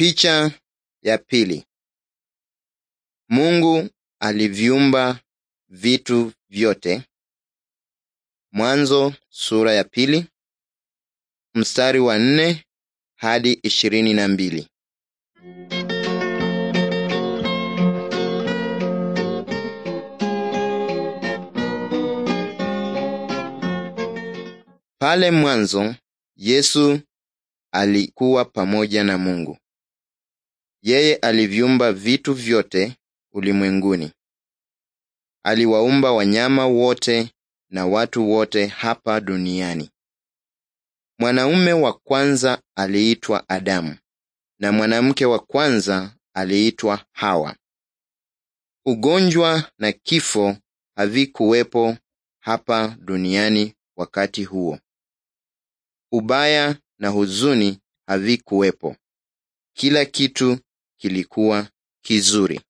Picha ya pili: Mungu aliviumba vitu vyote. Mwanzo sura ya pili mstari wa nne hadi ishirini na mbili. Pale mwanzo Yesu alikuwa pamoja na Mungu. Yeye aliviumba vitu vyote ulimwenguni. Aliwaumba wanyama wote na watu wote hapa duniani. Mwanaume wa kwanza aliitwa Adamu na mwanamke wa kwanza aliitwa Hawa. Ugonjwa na kifo havikuwepo hapa duniani wakati huo. Ubaya na huzuni havikuwepo. Kila kitu kilikuwa kizuri